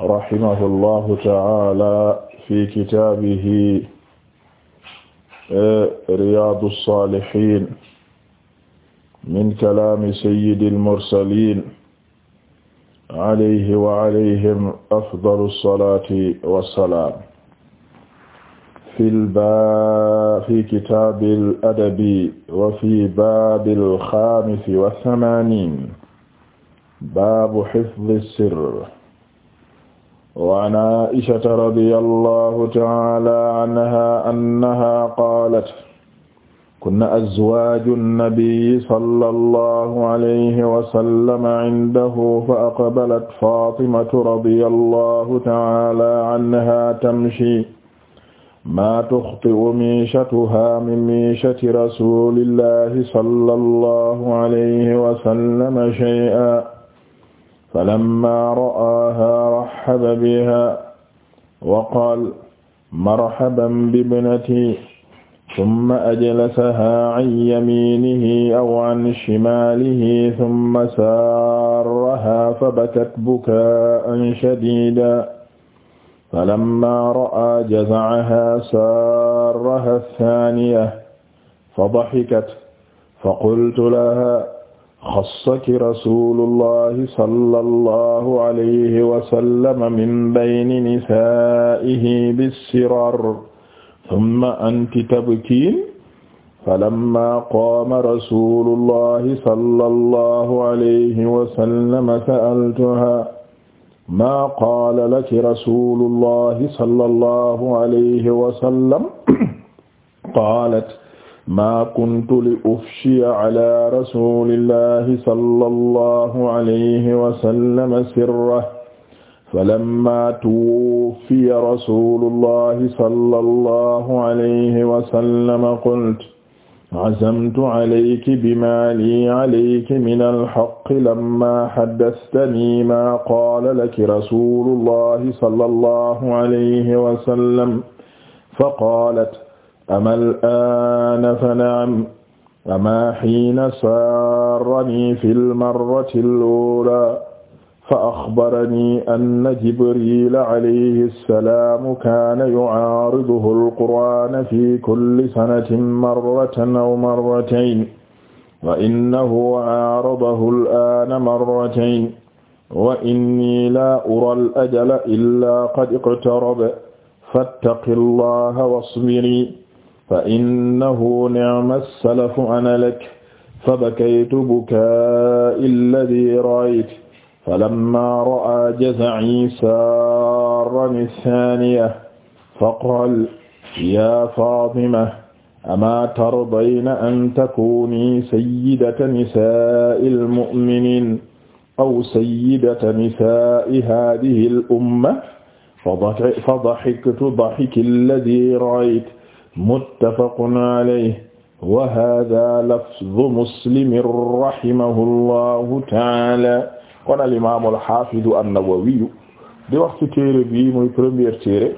rahimahu llahu ta'ala fi kitaabihi eh, riyaadu saalihiin min kalaami sayyidil mursaliin alayhi wa alayhim afdalu salaati wa salaam fil baab fi kitaabil adabi wa fi baabil xaamis wa samaaniin baabu hifzis sirr وعن عائشة رضي الله تعالى عنها أنها قالت كنا أزواج النبي صلى الله عليه وسلم عنده فأقبلت فاطمة رضي الله تعالى عنها تمشي ما تخطئ ميشتها من ميشة رسول الله صلى الله عليه وسلم شيئا falamma ra'aahaa rahhaba bihaa wa qaala marhaban bibnatii summa ajlasahaa an yamiinihi aw an shimaalihi summa saarrahaa fabakat bukaa'an shadiidan falammaa ra'aa jazacahaa saarrahaa athaaniyata fadaxikat faqultu lahaa xassaki rasulullahi sallallahu alayhi wa sallam min bayni nisaa'ihi bissirar summa anti tabkiin falammaa qaama rasulullahi sallallahu alayhi wa sallam sa'altuhaa maa qaala laki rasulullahi sallallahu alayhi wa sallam qaalat maa kuntu li ufshiya ala rasulillahi sallallahu alayhi wa sallam sirrahu falammaa tuwuffiya rasulullahi sallallahu alayhi wa sallam qultu azamtu alayki bimaa lii alayki minal haqqi lammaa haddastanii maa qaala laki rasulullahi sallallahu alayhi wa sallam faqaalat ama al'aana fa na'am ama hiina saaranii fi lmarrati al'uulaa fa axbaranii anna jibriila alayhi salaam kaana yu'aariduhu alqur'aana fi kulli sanatin marratan aw marratayn wa innahu aaradahu al'aana marratayn wa innii laa uraa al'ajala illaa qad iqtaraba fattaqi llaha wasbirii fa innahu ni'ma as-salafu ana lak fa bakaytu bukaa'a alladhi ra'aytu falammaa ra'aa jaz'ii saarranii ath-thaaniya faqal yaa Faatima amaa tardayna an takuunii sayyidata nisaa'i al-mu'miniin aw sayyidata nisaa'i haadhihi al-umma fa dahiktu dahiki alladhii ra'aytu muttafaqun alayhi wa haaza lafzu muslimin rahimahullahu taala kon al imaam al haafiz an-Nawawi di wax ci téere bi muy première téere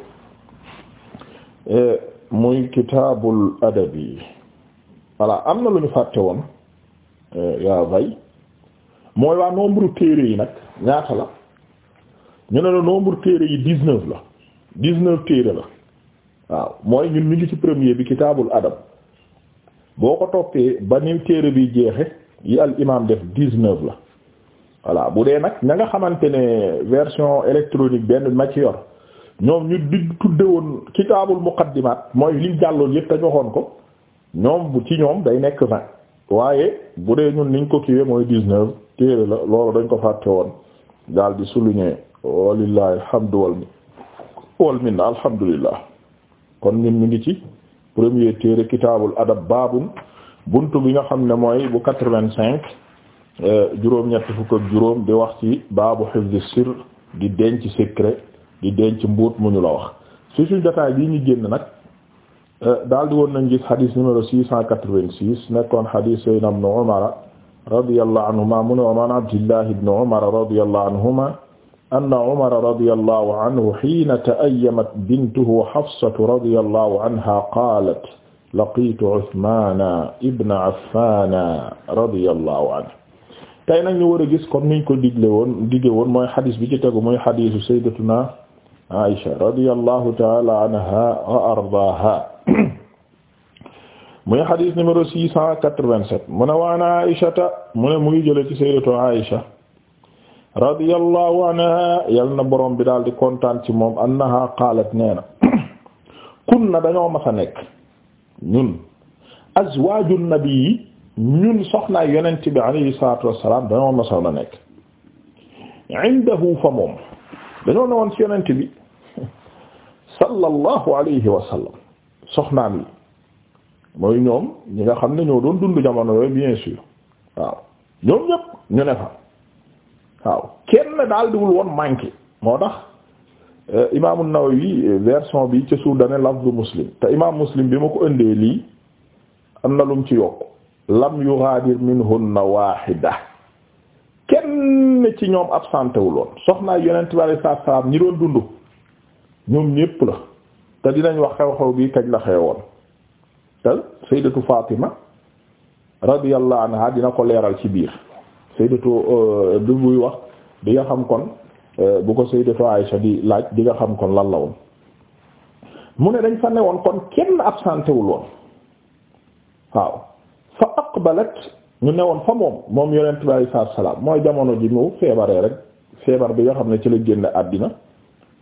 e muy kitaabul adabi voilà am na lu ñu fàtte woon e yaa bay mooy waa nombre téere yi nag ñaata la ñu ne la nombre téere yi dix la dix-neuf téere la waaw mooy ñun ñu ci premier bi kitaabul adab boo ko toppee ba ni téere bi jeexe yi al imam def dix-neuf la voilà bu dee nag ña nga xamante ne version électronique benn ma ci yor ñoom ñu di tudde woon kitaabul muqaddimaat mooy liñ jàlloon yëpp te joxoon ko ñoom bu ci ñoom day nekk vingt waaye bu dee ñun niñ ko kiiwee mooy dix-neuf téere la loolu dañ ko fàtte woon daal di souligner walillahi alhamdu wal minna alhamdulillah kon ñun ñu ngi ci premier téere kitaabul adab baabu bunt bi nga xam ne mooy bu quatre-vingt-cinq euh, juróom-ñett fukk ak juróom di wax ci baabu hifz sir di denc secret di denc mbuut mu ñu la wax ci suñu jotaay bii ñu génn nag euh, daal di woon nañ gis hadith numéro six cent quatre-vingt-six nekkoon hadith sayyidina ibn Umar radiyallahu anhuma mu ne wa man Abdullah ibn Umar radiyallahu anhuma anna Umar radiyallahu anhu hiina ta'ayyamat bintuhu Hafsatu radiyallahu anha qaalat laqiitu Usmaana ibna Affaana radiyallahu anhu tey nag ñu war a gis comme niñ ko digle woon dige woon mooy xadis bi ci tegu mooy xadisu saydatuna Aïcha radiyallahu taala anha wa ardaaha muy xadis numéro six cent quatre-vingt-sept mu ne waan Aïchata mu ne muy jële ci saydatuna Aïcha radiyallahu anha yal na borom bi daal di kontaan ci moom annaha qaalat nee na kunna dañoo mas a nekk ñun azwaajun nabi ñun soxnaay yonent bi alayhi salaatu wassalaam dañoo nekk indahu fa moom dañoo newoon ci yonent bi sallallahu alayhi wa sallam yi mooy ñoom ñi nga xam ne ñoo doon dund jamono yooyu bien sûr ñoom ñu ne fa waaw kenn daal diwul woon manqué moo tax euh, imaamu Nawawi euh, version bi ca suuf dane lafdu muslim te imaam muslim bi ma ko ëndee lii am na lum ci yokk lam yughaadir minhunna waahida kenn ci ñoom absenté wul woon soxnaa yonent bi alayhi salaatu salaam ñi doon dund ñoom ñépp la te dinañ wax xew-xew bi kañ la xewoon te sayyidatu Fatima radiyallahu anha dina ko leeral ci biir sayyidatu euh, bi buy wax di nga xam kon euh, bu ko sayyidatu Aisha di laaj di nga xam kon lan la woon mu ne dañ fa newoon kon kenn absenté wul waaw fa aqbalat ñu newoon fa moom moom yonent bi alayhi salaatu salaam mooy jamono ji mu feebaree rek feebar bi nga xam ne ci la génn àddina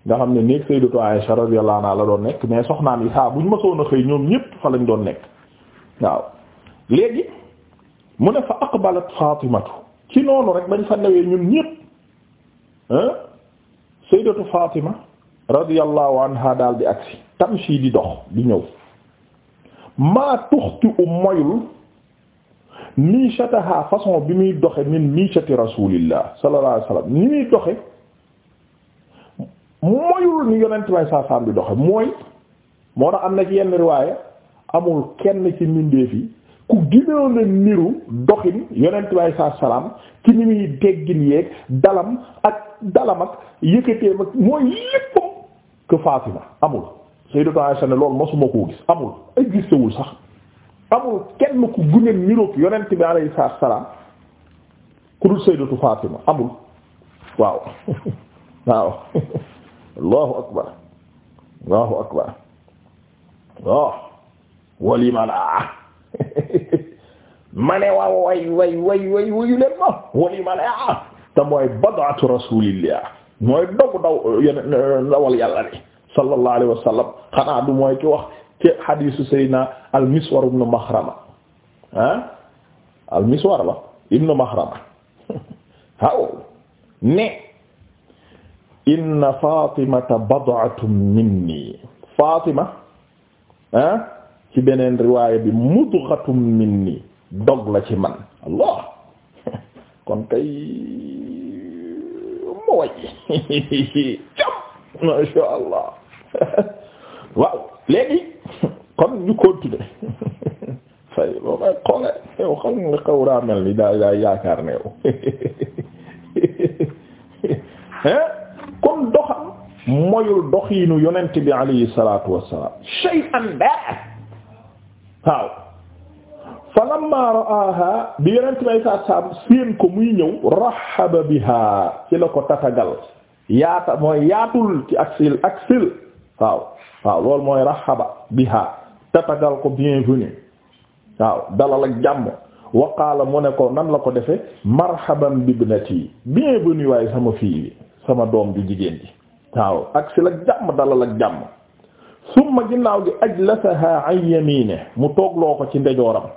nga xam ne néeg sayyidatu Aisha radiyallahu anha la doon nekk mais soxnaam yi saa bu ñu mësoon a xëy ñoom ñépp fa lañu doon nekk waaw léegi mu ne fa aqbalat Faatimatu ci noonu rek bañ fa newee ñun ñépp ah sayyidatu Fatima radiyallahu anha daal di agsi tamshi di dox di ñëw maa tuxti u moyul bi muy doxe min miishati rasulillah sallallahu alayhi wasallam ni muy doxe moyul ni yonent may saasaam di doxe mooy moo tax am na ci yenn riwaaya amul kenn ci mbindeef yi ku ginoon a niru doxin yonent bi ay saa salaam ci ni muy déggin yeeg dalam ak dalam ak yëkkateem ak mooy yéppam que Fatima amul Sayyidatu Aisha ne loolu mosuma koo gis amul existewul sax amul kenn ku gune niroog yonent bi alayhi salaam ku dul Sayyidatu Fatima amul waaw waaw allahu akbar waaw oh. walimalaa ah. ma ne waaw way way way way wayu leen ma wayu ma ne ah te mooy bad'atu rasulillah mooy dogu daw dawal yàlla ni sallallahu alayhi wa sallam xanaa du mooy ki wax ci hadisu sayyidina al miswar ibn mahrama ah al miswar la ibn mahrama haw ne inna fatimata bad'atun minni fatima ah ci beneen riwaaya bi mudghatun minni dog la ci man Allah kon kay ma wàjj cam masha Allah waaw léegi kon ñu continuer fay loo may xoolee yow xam nga xaw daa ni daa daa yaakaar ne yow kon doxam moyul doxiinu yonent bi alayhi salaatu wassalaam shay'an da falamma ra'aha bi yonent bay saat saam séen ko muy ñëw rahaba biha ci la ko tatagal yaata mooy yaatul ci aksil aksil waaw waaw loolu mooy rahaba biha tatagal ko bienvenue waaw dalal ak jàmm waqaala mu ne ko nan la ko defe marhaban bibnati bienvenue waaye sama fii sama doom ju jigéen ji waaw aksil ak jàmm dalal ak jàmm summa ginnaaw gi ajlasaha an yamine mu ko ci ndejooram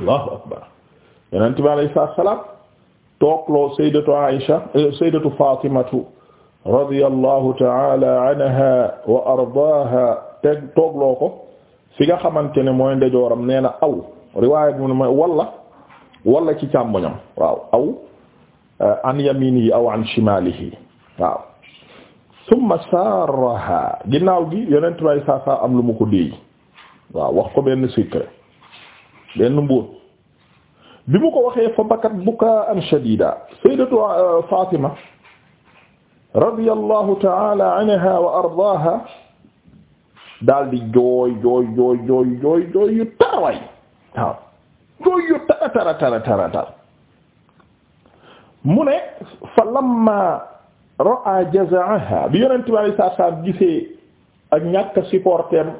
allahu akbar yonent bi alayhi salaam toogloo sayyidatu Aisha sayyidatu Fatimatu radiyallahu ta'ala anha wa ardaaha te toogloo ko fi nga xamante ne mooy ndejooram nee na aw riwaaya bu ne mooy walla walla ci càmmoñam waaw aw uh, an yaminihi aw an shimalihi waaw summa saaraha ginnaaw gi yonent bi alayhi salaam am lu mu ko déey waaw wax ko benn secret benn mbóot bi mu waxee fa bakat bukaan shadida sayyidatu uh, Fatima radiyallahu ta'ala anha wa ardaaha daal jooy jooy jooy jooy jooy jooy mu ne fa lamma ra'a jazaaha bi yonente bi alei satu salaam gisee ak ñàkk supportem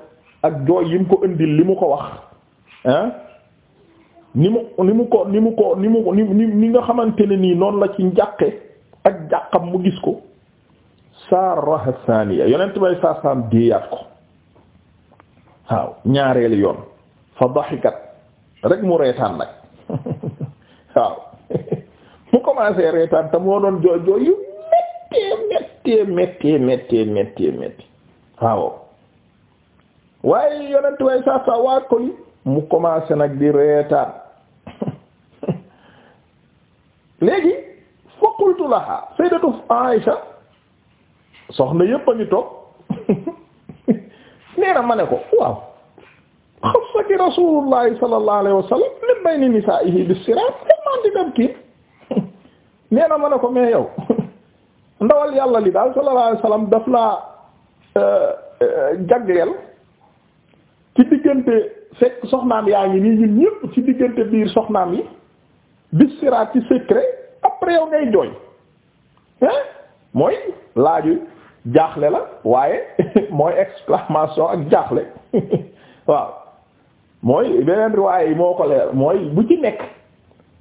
ak jooy yim ko indil li mu wax ni mu ni mu ko ni mu ko ni mu ni nga xamante ne nii noonu la ci njàqe ak jàqam mu gis ko sarraha thaniya yonent bay saasaam déeyaat ko waaw ñaareelu yoon fa daxikat rek mu reetaan nag waaw mu commencé reetaan te moo doon jooy jooy yu méttee méttee méttee méttee méttee waaw waaye yonent bay saasaam waa ko mu commencé nag di reetaan léegi fa qultu laha sayyidatu Aisha soxna yépp a ngi toog neena ma ne ko waaw xaffaki rasulullahi sallallahu alayhi wa sallam min bayni nisaa'ihi bis-siraat man di dem kii neena ma ne ko mais yow ndawal yàlla li daal sallallahu alayhi wa daf laa euh, euh, jagleel ci diggante fekk soxnaam yaa ngi nii ñun ñépp ci diggante biir soxnaam yi bis siraat ci secret après yow ngay jooy hein mooy laaju jaaxle la waaye mooy exclamation ak jaaxle waaw mooy beneen riwaay yi moo ko leer mooy bu ci nekk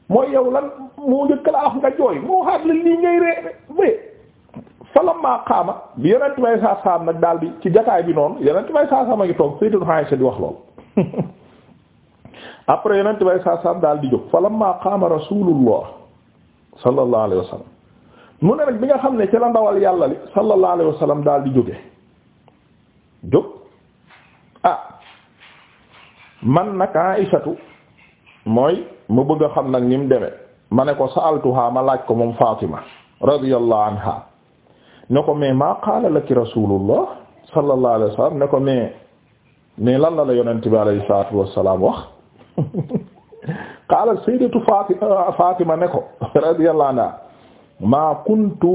mooy yow lan moo njëkk la wax nga jooy moo xaat la lii ngay ree ma qaama bi yonent may saa saam nag daal di ci jataay bi noonu yonent may saa saam a ngi toog Sayyidatu Aisha di wax lool après yonent bay saa saam daal di jóg fa lamma qaama rasulullah sallallahu alayhi mu ne nag bi nga xam ne ci la ndawal yàlla li sallallahu alayhi daal di jóge jóg ah man nag Aïshatu mooy mu bëgg a xam nag ni mu ma ne ko sa'altuha ma laaj ko moom Fatima radiyallahu anha ne ko mais maa qaala ki rasulullah sallallahu alayhi wa sallam ne ko mais mais lan la la yonent bi alayhi salaatu wa wax qaalat sayyidatu Fatima euh, Fatima ne ko radiyallahu anha maa kuntu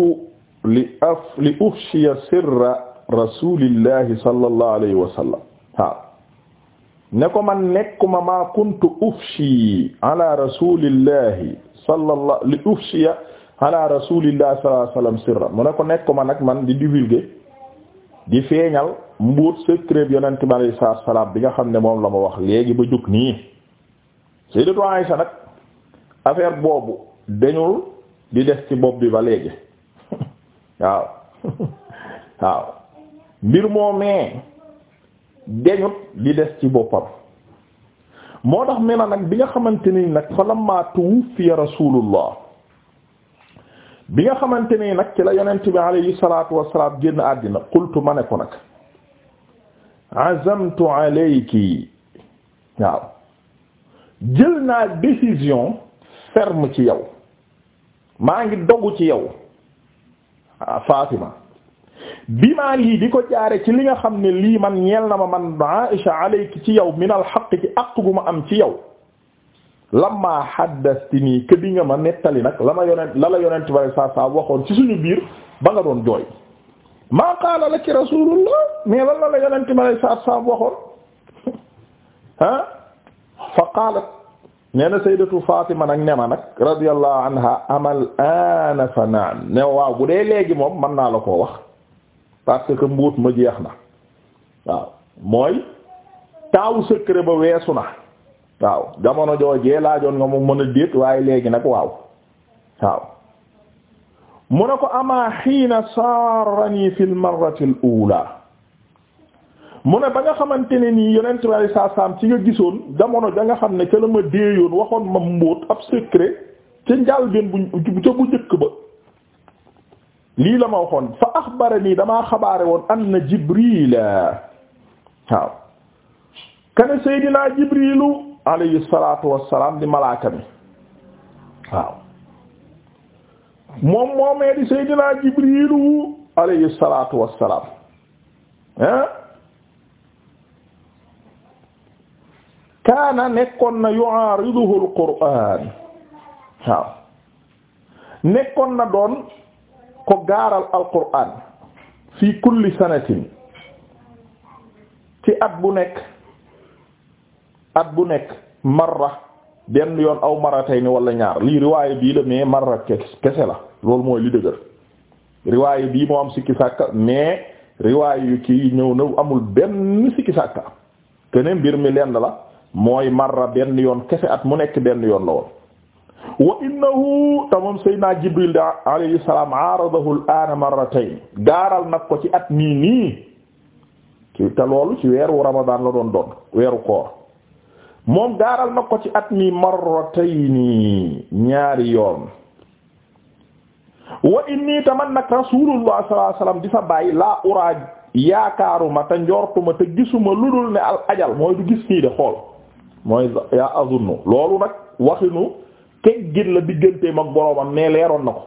li af li ufshiya sirra rasulillahi sallallahu alayhi wa sallam waaw ne ko man nekkuma maa kuntu ufshi ala rasulillahi sallallahu li ufshiya ala rasulillahi sallallahu alayhi wa nag man di divulguer di feeñal mbuut secret bi yonente bi alayhi bi nga xam ne moom la ma wax léegi ba jóg nii Sayyidatu Aisha nag affaire boobu dañul di des ci bopp bi ba léegi waaw waaw mbir moomee deñut di des ci boppam moo tax mel nag bi nga xamante ni nag fa lamma tuwuffiya rasulullah bi nga xamante ni nag ci la yonent bi alayhi salatu wasalaam génn àddina qultu ma ne ko nag azamtu alayki waaw jël naa décision ferme ci yow maa ngi dogu ci yow ah bi maa lii di ko jaare ci li nga xam ne lii man ñeel na ma man Aisha alayki ci yow min al haqq ci àq gu ma am ci yow lamma haddastini ke bi nga ma nettali nag la ma yonent la la yonent bare saa saa waxoon ci suñu biir ba nga doon jooy maa qaala laki rasulullah mais lan la la yonent bare saa saa waxoon fa qaalat nee na Fatima nag ne ma nag anha amal ana fa naan ne waaw bu dee léegi moom mën naa la koo wax parce que mbuut ma jeex na waaw mooy taawu secret ba weesu na waaw jamono joojee laajoon nga mu mën a déet waaye léegi nag waaw waaw mu ne ko ama xiina saarani fi al marrati al ula mu ne ba nga xamante ne nii yonent bi saa ci nga gisoon jamono ja nga xam ne ca la ma déeyoon waxoon ma mbóot ab secret ca njàlbéen bu ca bu njëkk ba lii la ma waxoon fa axbara nii damaa xabaare woon na jibrila waaw kane seydinaa jibrilu alayhi salaatu wassalaam di malaaka mi waaw moom moomee di seydinaa jibrilu alayhi salaatu wassalaam hein kaana nekkoon na yu'aariduhu al-qur'aan waaw nekkoon na doon ko gaaral al-qur'aan fi kulli sanatin ci at bu nekk at bu nekk marra benn yoon aw marratayni wala ñaar lii riwaaya bii la mais marra kese la loolu mooy li dëgër riwaaya bii moo am sikki sàkka mais riwaaya yu ñëw na amul benn sikki sàkka keneen mbir mi lenn la mooy marra benn yoon kese at mu nekk benn yoon la woon wa innahu tamam sayyidina jibril da alayhi salaam aaradahu al aana gaaral nag ko ci at nii nii te loolu ci weeru ramadan la doon doon weeru koor moom gaaral nag ko ci at nii marratayni ñaari yoon wa inni taman nag rasulullah sallallahu di fa bàyyi laa uraaj yaakaaruma te njortuma te gisuma ludul ne al ajal mooy du gis nii de xool mooy yaa azunnu loolu nag waxinu teggin la digganteem ak boroomam ne leeroon na ko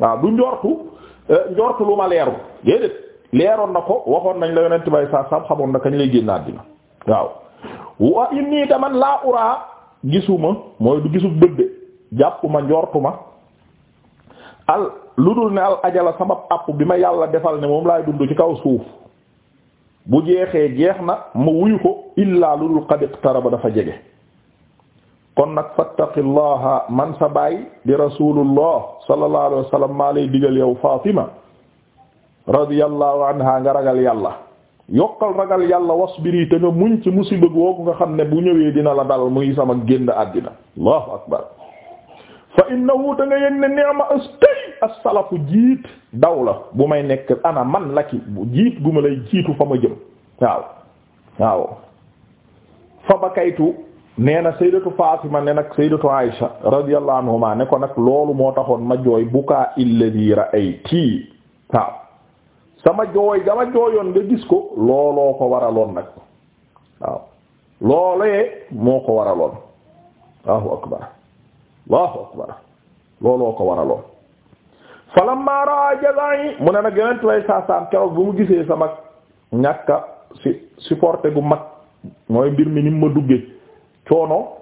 waaw du njortu eh, njortu lu ma leeru déedéet leeroon na ko waxoon nañ la yonent bay saa saam xamoon na kañ lay génn àddina waaw wa inni taman laa uraa gisuma mooy du gisub bëgg jàppuma njortuma al lu dul ne al ajala sama àpp bi ma yàlla defal ne moom laay dund ci kaw suuf bu jeexee jeex na ma wuyu ko illaa lu dul qad iqtaraba dafa jege kon nag fattaqillaha man sa baay di rasulullah sallallahu alayhi wa sallam maa lay digal yow Fatima radiyallahu anha nga ragal yàlla yokkal ragal yàlla wasbiri te nga muñ ci musiba googu nga xam ne bu ñëwee dina la dal muy sama génn àddina allahu akbar fa innahu te nga yëg ne ni'ma astay as-salafu jiit daw la bu may nekk ana man la ki jiit gu ma lay jiitu fa ma jëm waaw waaw fa bakaytu nee na sayyidatu Fatima ne nag sayyidatu Aisha radiyallahu anhuma ne ko nag loolu moo taxoon ma jooy bukaa alladhi ra'ayti waaw sama jooy gama jooyoon nga gis ko looloo ko waraloon nag waaw loolee moo ko waraloon Allahu akbar Allahu akbar looloo ko waraloon falamma raa mu ne nag yonent way saasaam keroog bu mu gisee sama ñàkk a si supporté gu mag mooy mbir mi ni mu ma duggee coono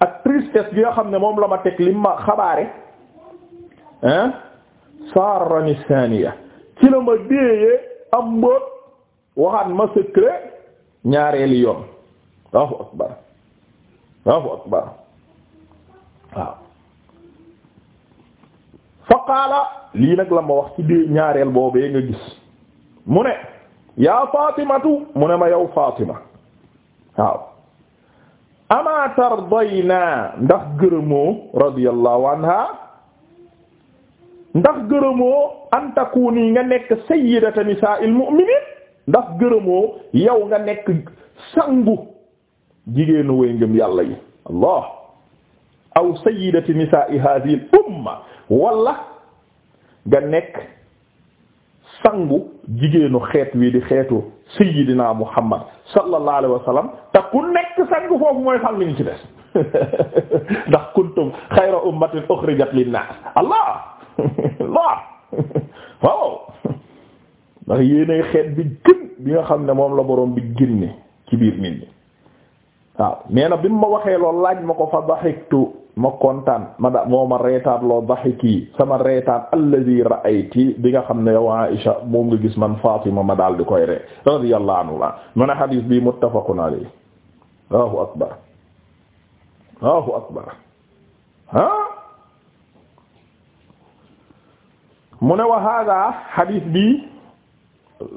ak tristesse bi nga xam ne moom la ma teg li ma xabaare hein sarani saaniya ci la ma déeyee am waxaat ma secret ñaareeli yoon Allahu akbar Allahu akbar waaw fa qaala lii nag la ma wax ci biir ñaareel boobee nga gis mu ne yaa fatimatu mu ne ma yow fatima waaw ama tardayna ndax gërëmoo radiyallahu anha ndax gërëmoo an takuni nga nekk sayyidata nisaa'il mu'minin ndax gërëmoo yow nga nekk sangu jigéenu way ngëm yàlla yi allah aw sayyidati nisaa'i hadhihi umma wala nga nekk sangu jigéenu xeet wi di xeetu sayyidina muhammad sallallahu alayhi wa sallam te ku nekk sangu foofu mooy fal mi ngi allah waaw ndax yéenay xeet bi gën bi nga xam ne moom la boroom bi génne ci biir nit ñi waaw nee bi mu ma waxee loolu laaj ma ko fa daxiktu moo kontaan ma da moo ma loo dahiki sama reetaat alladhi ra'ayti bi nga xam ne yow Aisha moom nga gis man di koy ree radiyallahu anhu la mu bi muttafaqun alayhi Allahu akbar akbar ha mu ne wa hada xadiis bi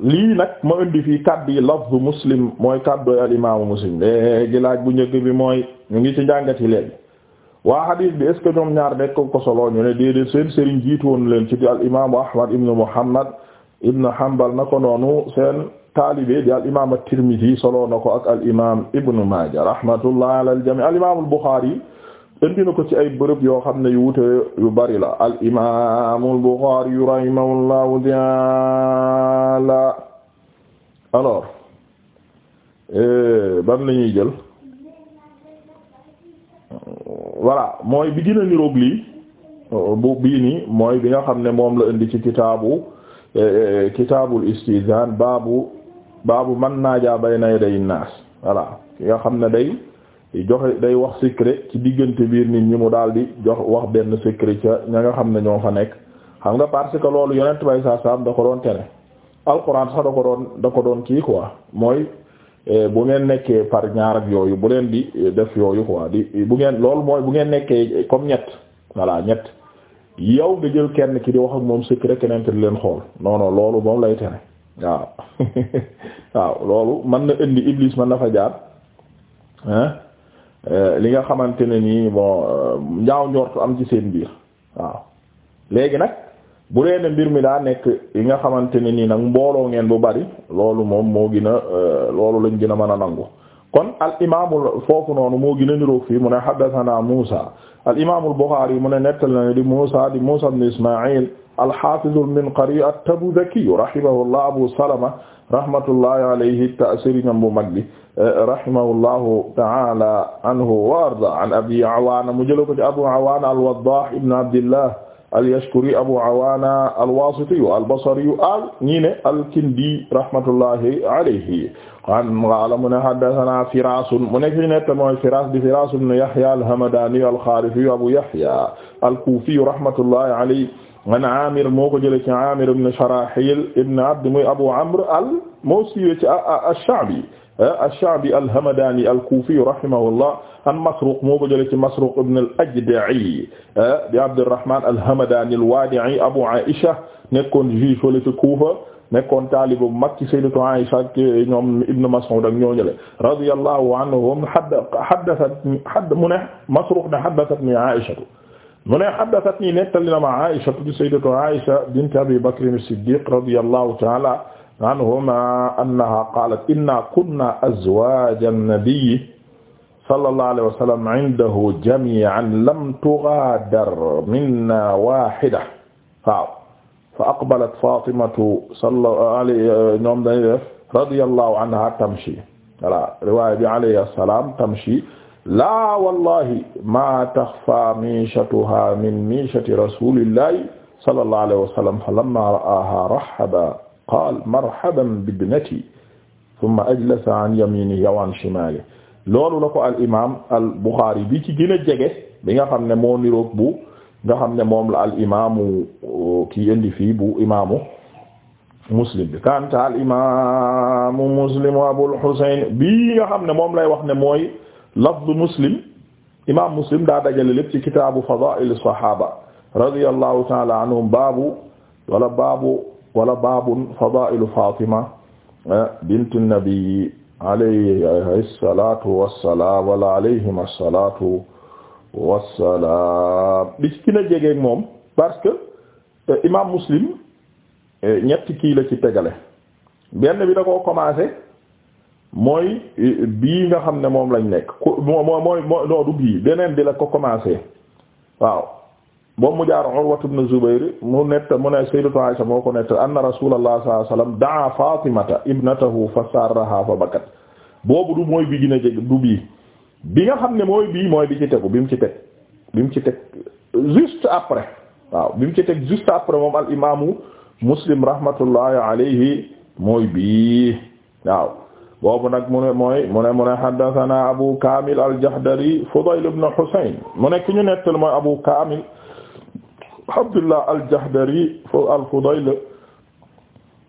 lii nag ma indi fii kaddu yi muslim mooy kaddu al imaamu muslim léegi laaj bu njëg bi mooy ñu ngi ci njàngati léegi waa hadith bi est-ce que nekk ko solo ñu ne déedéet seen sëriñ jiitu woon leen ci di al imaamu Ahmad ibn Muhammad ibn Hanbal na ko noonu seen taalibe di al imaam at-Tirmidhi solo na ko ak al imaam Ibn Maaja rahmatullah ala al jami' al na ko ci ay bërëb yoo xam ne yu wute yu bari la al imaam al-Bukhari rahimahullahu ta'ala alors eh, jël. voilà mooy bi gën a niroog lii bu bii nii mooy bi nga xam ne moom la indi ci kitaabu eh, eh, kitaabul istizaan baabu baabu man naajaa bayna yaday naas voilà ki nga xam ne day joxe day wax secret ci diggante biir nit ñi mu daal di jox wax benn secret ca ña nga xam ne ñoo fa nekk xam nga parce que loolu yonent bay saa da ko doon tere alxuraan sax da ko doon da ko doon kii quoi mooy Eh, bu ngeen nekkee par ñaarak yooyu bu leen di eh, def yooyu quoi di bu ngeen loolu mooy bu ngeen nekkee eh, comme ñett voilà ñett yow nga jël kenn ki di wax ak moom secret keneen te di leen xool non loolu moom lay tere waaw waaw loolu man na indi iblis mën na fa jaar li nga xamante ne nii bon njaaw njortu am ci seen biir waaw léegi nag. bu dee ne mbir mi daa nekk yi nga xamante ne nii nag mbooloo ngeen bu bari loolu moom moo na a euh, loolu lañ gën a mën a nangu kon al imaamul foofu noonu moo gën a niroog fii mu ne haddathana Muusa al imaamul Buxaari mu ne nettali na di Muusa di Muusa ibn Ismaa'il al-Haafiz al-Minqari at-Tabuzaki rahimahullah Abu Salama rahmatullahi alayhi bu mag bi euh, rahimahullahu ta'ala anhu wa arda an Abi Awaana mu jël ko ci Abu al-Yashkuri Abu Awaana al-Waasitiyu al-Basriyu al ñii ne al-Kindi rahmatullahi alayhi qaala mu ne haddasanaa Firaasun mu nekk ci nett mooy Firaas di Firaas ibn Yahya al-Hamdaaniyu al-Xaarifiyu Abu Yahya al-Kuufiyu rahmatullahi alayhi an Aamir moo ko jëlee ci Aamir ibn Sharaahil ibn Abd muy Abu Amr al moo siiwee ci ash-Sha'bi Ah, ash-Sha'bi al-Hamadani al-Kufi rahimahullah an Masruq moo ko jëlee ci Masruq ibn al-Ajda'i ah, di Abdurrahman al-Hamadani al-Wadi'i Abu Aisha nekkoon juif fële ci Kufa nekkoon taalibe bu mag ci Sayyidatu Aisha ak ñoom Ibn Mas'ud ak ñoo ñële radiyallahu anhum haddathat hadd mu ne Masruq ne haddathatni Aisha mu ne haddathatni nettali na ma Aisha ci Sayyidatu Aisha bint Abi Bakr as-Siddiq radiyallahu ta'ala anhuma annaha qalat inna kunna azwaja annabiyi sallallahu alayhi wa sallam indahu jami'an lam tughadir minna wahida waaw fa aqbalat fatimatu sallallahu alayhi ñoom dañuy def radiyallahu anha tamshi voilà riwaya bi alayhi assalam tamshi la wallahi ma taxfa mishatuha min mishati rasulillahi sallallahu alayhi wa sallam falamma ra'aha rahaba qaal marhaban bibnati thumma ajlasa an yaminihi wa an shimalihi loolu la ko al imam al Bukhari bi ci gën a jege bi nga xam ne moo niroog bu nga xam ne moom la al imaamu kii indi fii bu imaamu muslim bi kanta al imaamu muslim abul husayn bii nga xam ne moom lay wax ne mooy lafdu muslim imaam muslim daa dajale lépp ci kitaabu fadaa'il sahaaba radiyallahu ta'ala anhum baabu wala baabu wala baabun fadailu fatima eh, bintu nabii alayhi salatu wassalam wala alayhim assalatu wassalam bi ci gën a jegeeg moom parce que eh, imam muslim eh, ñetti kii la ci tegale benn bi da koo commencé mooy bii nga xam ne moom lañ nekk ku mooy mooy mooy du bii beneen bi la ko commencé waaw boobu mu jaar Urwa ibn Zubayr mu nett mu ne Sayyidatu Aisha moo ko nett anna Rasulullah sallallahu alayhi wasallam da'a Fatimata ibnatahu fa sarraha fa bakat boobu du mooy bi gina jég du bii bi nga xam ne mooy bii bi ci tegu bi mu bi mu ci teg juste après waaw bi mu ci teg juste après moom al imaamu Muslim rahmatullahi alayhi mooy bii waaw boobu nag mu ne mooy mu ne mu ne haddathana Abu Kamil al-Jahdari Fudayl ibn Husayn mu ki ñu nettal mooy Abu Kamil Abdullah al-Jahdari fo al-Fudayl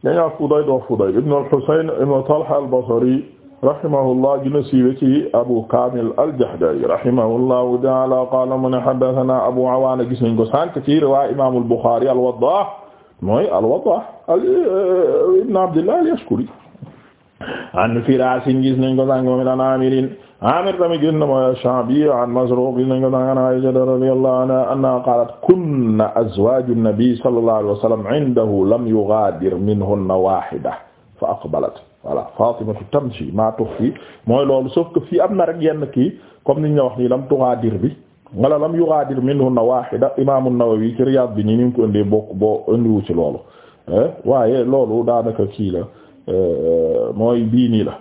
dañu al Fudayl wa Fudayl ibn al-Husayn ibn Talha al-Basri rahimahullah gëna siiwe ci Abu Kamil al-Jahdari rahimahullahu ta'ala qala mu ne haddathana Abu Awaana gis nañ ko sànq ci riwaaya Imam al-Bukhari al-Waddah mooy al-Waddah ibn Abdillah al-Yashkuri an Firaas gis nañ ko sànq moom an Aamir Aamir tamit gis na mooy Sha'bi an Masruuq gis nañ ko daan Aisha radiyallahu anha annahaa qaalat kunna azwaaju nabi sallallahu alayhi wa sallam indahu lam yughaadir minhunna waahida fa aqbalat voilà Faatimatu tamshi maa tuxfi mooy loolu sauf que fii am na rek yenn kii comme ni ñu la wax nii lam tughaadir bi wala lam yughaadir minhunna waahida Imaam an-Nawawi ci Riyaad bi nii ni mu ko indee bokk boo indiwu ci loolu eh, waaye loolu daanaka kii la eh, mooy bii nii la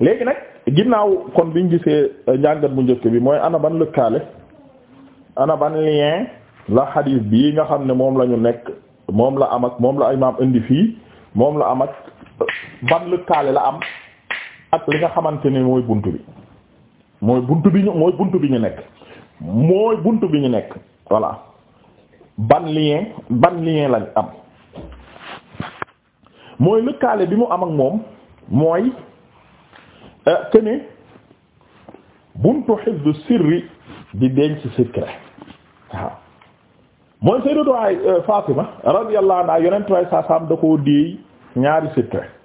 léegi nag. ginnaaw kon biñ gisee euh, njàngat bu njëkk bi mooy ana ban lëkkaale ana ban lien la xadiis bii nga xam ne moom lañu nekk moom la am ak moom la imaam indi fii moom la am ak euh, ban lëkkaale la am ak li nga xamante ne mooy bunt bi mooy bunt bi ñu mooy buntu bi ñu nekk mooy bunt bi ñu nekk voilà ban lien ban lien lañ am mooy lëkkaale bi mu am ak moom mooy. Euh, que ne buntu hifz sirri di denc secret waaw mooy Sayyidatu euh, Fatima radiyallahu anha yonent way sa sam da koo déey ñaari secret